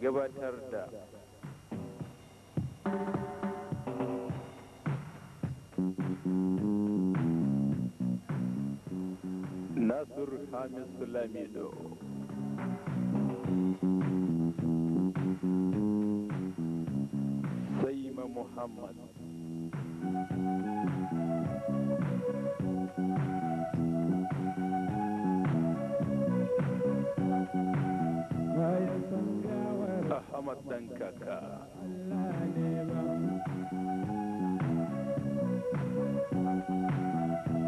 gabatar da nasir hamisu lamido saima muhammad ɗan kaka.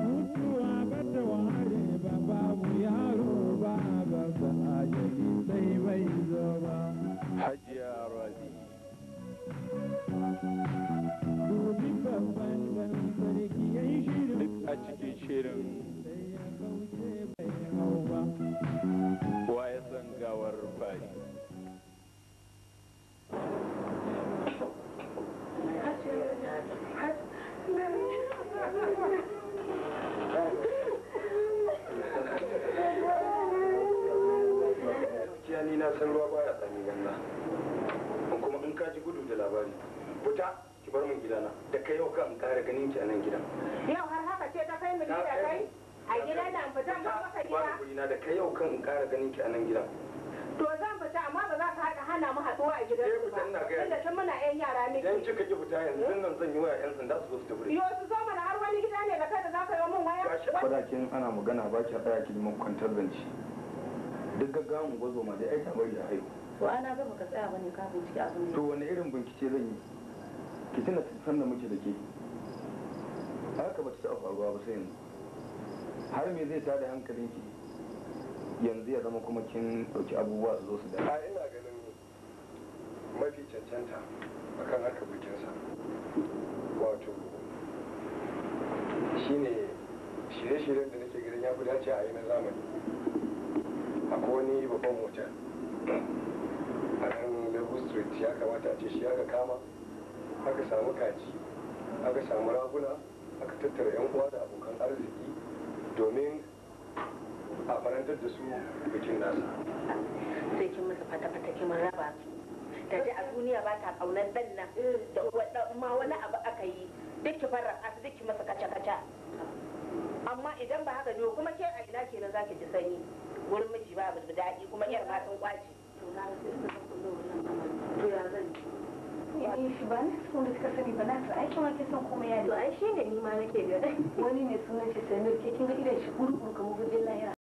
Mutuwa ba ta ware ba babu yaro ba ba za a yi sai bai zo ba. Hajiya Rabi. Domin babban sarki ya yi shirin. Duk a cikin shirin. gaskiya ni na san ruwa baya tsami ganna kuma in ka ji gudu da labari fita ki bar min gidana da kai yau kan in kare ganin ki a nan gidan yau har haka ce ta kai mu da kai a gidan nan fitan ba maka gida ba da kai yau kan in kare ganin ki a nan gidan to za hana mu haɗuwa a gidan su ba tunda tun muna ƴan yara ne. yan kika ki fita yanzu nan zan yi waya yan sanda su zo su tafi yo su zo mana har wani gida ne da kai da za zaka yi mun waya kwadakin ana magana ba ki tsaya ki mun kwantar zanci duk gaggawan gwazo ma dai aita bari a haihu to ana ga baka tsaya bane ka bincike abin da to wani irin bincike zan yi ki tuna san da muke da ke haka ba ta taɓa faruwa ba sai yanzu har me zai tada hankalinki yanzu ya zama kuma kin ɗauki abubuwa su zo su da fi cancanta a kan harkar bikinsa wato shi ne shirye-shiryen da nake ganin ya fi dace a yi na zamani a wani babban mota a nan lagos street ya kamata a ce shi aka kama aka samu kaji aka samu raguna aka tattara yan uwa da abokan arziki domin a farantar da su bikin nasa duniya ba ta kaunar dan nan eh, da ma wani abu aka yi duk ki fara a duk ki masa kaca kaca amma idan ba haka ne kuma ke a ina kenan zaki ji sanyi wurin miji ba da daɗi kuma yar ma sun kwaci to ya zan eh, shi ba na sun da suka sani ba na su ai kuma ke son kuma ya to ai shi ne ni ma nake ga wani ne sunan shi sai ne kin ga idan shi gurgur kamar gudun lahira